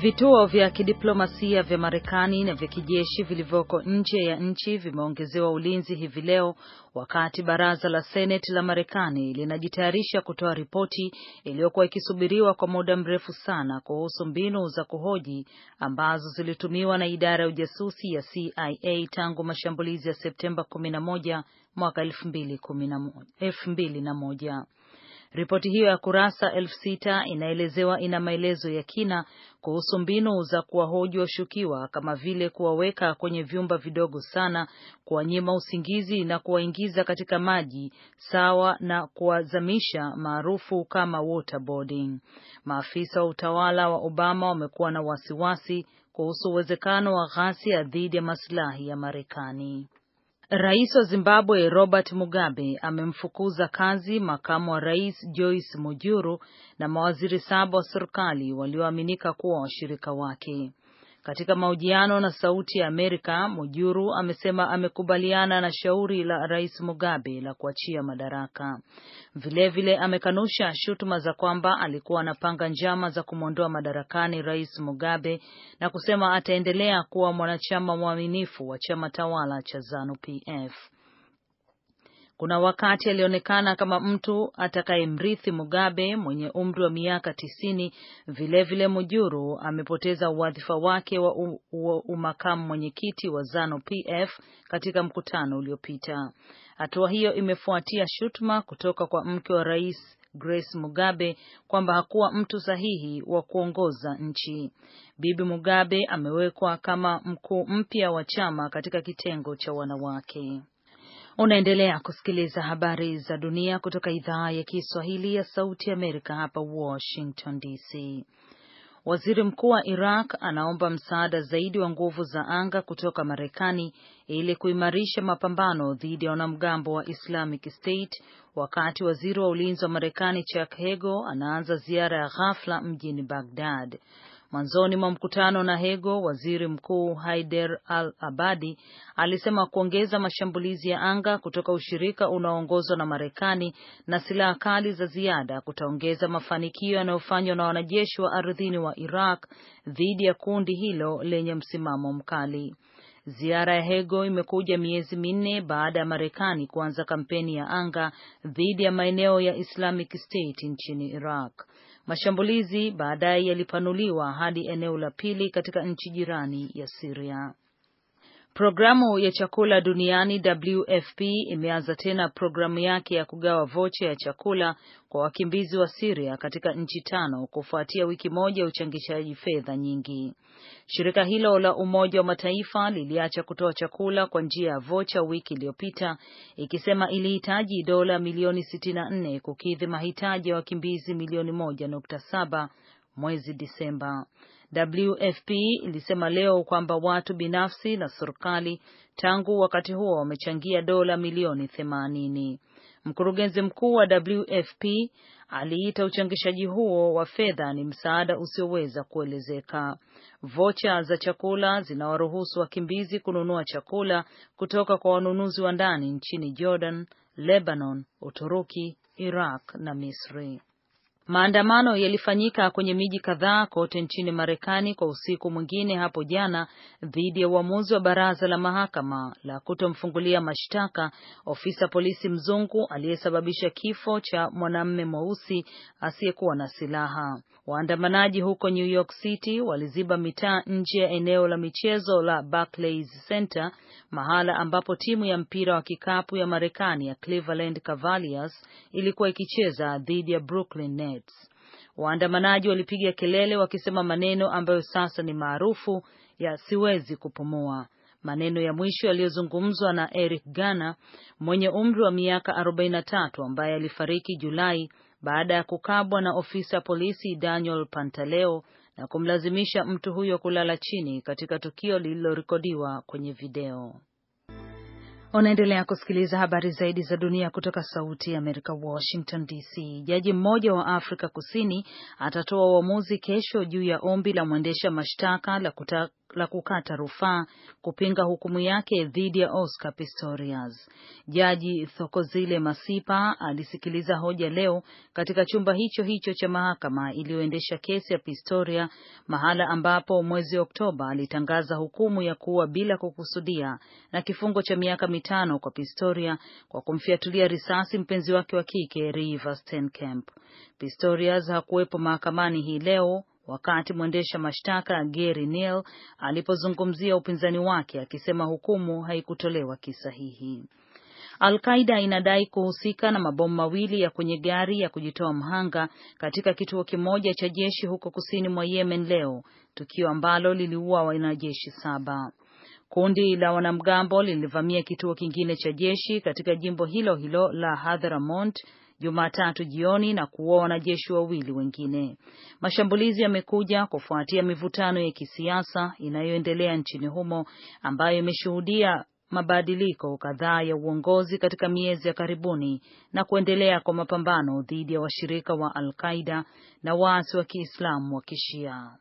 Vituo vya kidiplomasia vya Marekani na vya kijeshi vilivyoko nje ya nchi vimeongezewa ulinzi hivi leo wakati baraza la Seneti la Marekani linajitayarisha kutoa ripoti iliyokuwa ikisubiriwa kwa muda mrefu sana kuhusu mbinu za kuhoji ambazo zilitumiwa na idara ya ujasusi ya CIA tangu mashambulizi ya Septemba 11 mwaka 2001. Ripoti hiyo ya kurasa elfu sita inaelezewa ina maelezo ya kina kuhusu mbinu za kuwahoji washukiwa kama vile kuwaweka kwenye vyumba vidogo sana, kuwanyima usingizi na kuwaingiza katika maji sawa na kuwazamisha, maarufu kama waterboarding. Maafisa wa utawala wa Obama wamekuwa na wasiwasi kuhusu uwezekano wa ghasia dhidi ya maslahi ya Marekani. Rais wa Zimbabwe Robert Mugabe amemfukuza kazi makamu wa rais Joyce Mujuru na mawaziri saba wa serikali walioaminika kuwa washirika wake. Katika mahojiano na Sauti ya Amerika, Mujuru amesema amekubaliana na shauri la Rais Mugabe la kuachia madaraka. Vilevile vile amekanusha shutuma za kwamba alikuwa anapanga njama za kumwondoa madarakani Rais Mugabe na kusema ataendelea kuwa mwanachama mwaminifu wa chama tawala cha Zanu PF. Kuna wakati alionekana kama mtu atakayemrithi Mugabe mwenye umri wa miaka tisini. Vilevile, Mujuru amepoteza wadhifa wake wa umakamu mwenyekiti wa Zano PF katika mkutano uliopita. Hatua hiyo imefuatia shutuma kutoka kwa mke wa rais Grace Mugabe kwamba hakuwa mtu sahihi wa kuongoza nchi. Bibi Mugabe amewekwa kama mkuu mpya wa chama katika kitengo cha wanawake. Unaendelea kusikiliza habari za dunia kutoka idhaa ya Kiswahili ya Sauti Amerika hapa Washington DC. Waziri mkuu wa Iraq anaomba msaada zaidi wa nguvu za anga kutoka Marekani ili kuimarisha mapambano dhidi ya wanamgambo wa Islamic State, wakati waziri wa ulinzi wa Marekani Chuck Hagel anaanza ziara ya ghafla mjini Baghdad. Mwanzoni mwa mkutano na Hego, waziri mkuu Haider al-Abadi alisema kuongeza mashambulizi ya anga kutoka ushirika unaoongozwa na Marekani na silaha kali za ziada kutaongeza mafanikio yanayofanywa na wanajeshi wa ardhini wa Iraq dhidi ya kundi hilo lenye msimamo mkali. Ziara ya Hego imekuja miezi minne baada ya Marekani kuanza kampeni ya anga dhidi ya maeneo ya Islamic State nchini Iraq. Mashambulizi baadaye yalipanuliwa hadi eneo la pili katika nchi jirani ya Syria. Programu ya chakula duniani WFP imeanza tena programu yake ya kugawa vocha ya chakula kwa wakimbizi wa Syria katika nchi tano kufuatia wiki moja ya uchangishaji fedha nyingi. Shirika hilo la Umoja wa Mataifa liliacha kutoa chakula kwa njia ya vocha wiki iliyopita ikisema ilihitaji dola milioni 64 kukidhi mahitaji ya wakimbizi milioni 1.7 mwezi Disemba. WFP ilisema leo kwamba watu binafsi na serikali tangu wakati huo wamechangia dola milioni themanini. Mkurugenzi mkuu wa WFP aliita uchangishaji huo wa fedha ni msaada usioweza kuelezeka. Vocha za chakula zinawaruhusu wakimbizi kununua chakula kutoka kwa wanunuzi wa ndani nchini Jordan, Lebanon, Uturuki, Iraq na Misri. Maandamano yalifanyika kwenye miji kadhaa kote nchini Marekani kwa usiku mwingine hapo jana dhidi ya uamuzi wa baraza la mahakama la kutomfungulia mashtaka ofisa polisi mzungu aliyesababisha kifo cha mwanamume mweusi asiyekuwa na silaha. Waandamanaji huko New York City waliziba mitaa nje ya eneo la michezo la Barclays Center, mahala ambapo timu ya mpira wa kikapu ya Marekani ya Cleveland Cavaliers ilikuwa ikicheza dhidi ya Brooklyn Nets. Minutes. Waandamanaji walipiga kelele wakisema maneno ambayo sasa ni maarufu ya siwezi kupumua. Maneno ya mwisho yaliyozungumzwa na Eric Gana mwenye umri wa miaka 43 ambaye alifariki Julai baada ya kukabwa na ofisa polisi Daniel Pantaleo na kumlazimisha mtu huyo kulala chini katika tukio lililorekodiwa kwenye video. Unaendelea kusikiliza habari zaidi za dunia kutoka Sauti ya Amerika, Washington DC. Jaji mmoja wa Afrika Kusini atatoa uamuzi kesho juu ya ombi la mwendesha mashtaka la kuta la kukata rufaa kupinga hukumu yake dhidi ya Oscar Pistorius. Jaji Thokozile Masipa alisikiliza hoja leo katika chumba hicho hicho cha mahakama iliyoendesha kesi ya Pistoria, mahala ambapo mwezi Oktoba alitangaza hukumu ya kuua bila kukusudia na kifungo cha miaka mitano kwa Pistoria kwa kumfiatulia risasi mpenzi wake wa kike Reeva Steenkamp. Pistorius hakuwepo mahakamani hii leo wakati mwendesha mashtaka Gary Neal alipozungumzia upinzani wake akisema hukumu haikutolewa kisahihi. Al-Qaida inadai kuhusika na mabomu mawili ya kwenye gari ya kujitoa mhanga katika kituo kimoja cha jeshi huko kusini mwa Yemen leo, tukio ambalo liliua wanajeshi saba. Kundi la wanamgambo lilivamia kituo kingine cha jeshi katika jimbo hilo hilo la Hadhramawt Jumatatu jioni na kuua wanajeshi wawili wengine. Mashambulizi yamekuja kufuatia mivutano ya kisiasa inayoendelea nchini humo ambayo imeshuhudia mabadiliko kadhaa ya uongozi katika miezi ya karibuni na kuendelea kwa mapambano dhidi ya washirika wa, wa Al-Qaida na waasi wa Kiislamu wa Kishia.